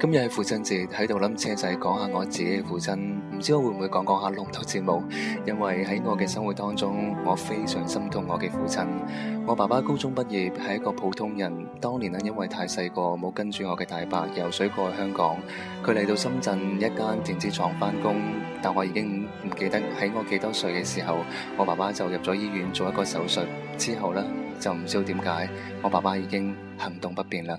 今日係父親節，喺度諗車仔係講下我自己嘅父親，唔知我會唔會講講下龍頭節目，因為喺我嘅生活當中，我非常心痛我嘅父親。我爸爸高中畢業係一個普通人，當年呢因為太細個，冇跟住我嘅大伯游水過去香港。佢嚟到深圳一間電子廠翻工，但我已經唔記得喺我幾多歲嘅時候，我爸爸就入咗醫院做一個手術，之後呢就唔知點解，我爸爸已經行動不便啦。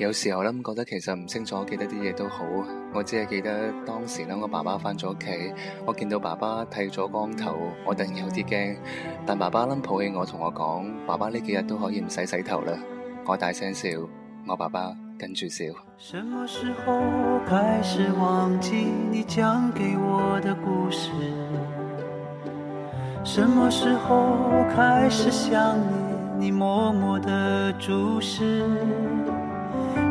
有時候咧，覺得其實唔清楚，記得啲嘢都好。我只係記得當時咧，我爸爸返咗屋企，我見到爸爸剃咗光頭，我突然有啲驚。但爸爸咧抱起我，同我講：爸爸呢幾日都可以唔使洗頭啦。我大聲笑，我爸爸跟住笑。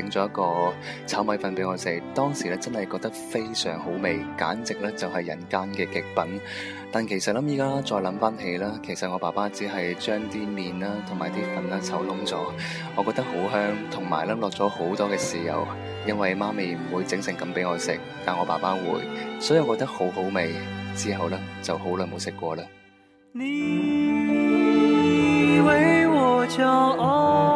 整咗一個炒米粉俾我食，當時咧真係覺得非常好味，簡直咧就係人間嘅極品。但其實諗依家再諗翻起啦，其實我爸爸只係將啲麵啦同埋啲粉啦炒燶咗，我覺得好香，同埋咧落咗好多嘅豉油。因為媽咪唔會整成咁俾我食，但我爸爸會，所以我覺得好好味。之後呢，就好耐冇食過啦。你為我驕傲。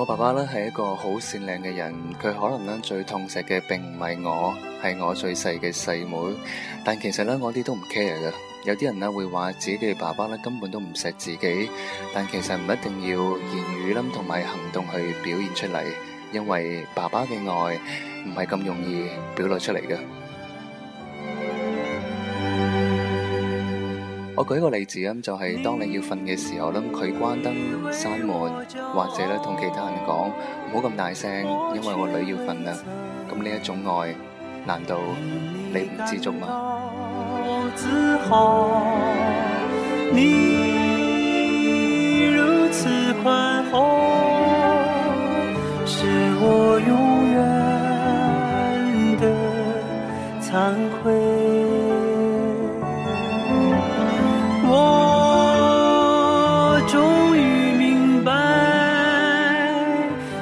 我爸爸咧係一個好善良嘅人，佢可能咧最痛惜嘅並唔係我，係我最細嘅細妹。但其實咧我啲都唔 care 噶。有啲人咧會話自己嘅爸爸咧根本都唔錫自己，但其實唔一定要言語啦同埋行動去表現出嚟，因為爸爸嘅愛唔係咁容易表露出嚟噶。我舉個例子咁就係當你要瞓嘅時候啦，佢關燈、閂門，或者咧同其他人講唔好咁大聲，因為我女要瞓啦。咁呢一種愛，難道你唔知足嗎？你如此寬厚，是我永遠的慚愧。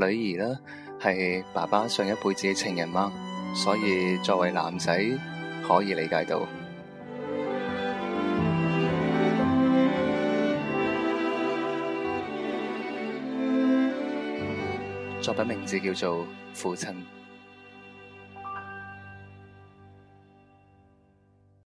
女兒呢，係爸爸上一輩子嘅情人嗎？所以作為男仔可以理解到。作品名字叫做《父親》。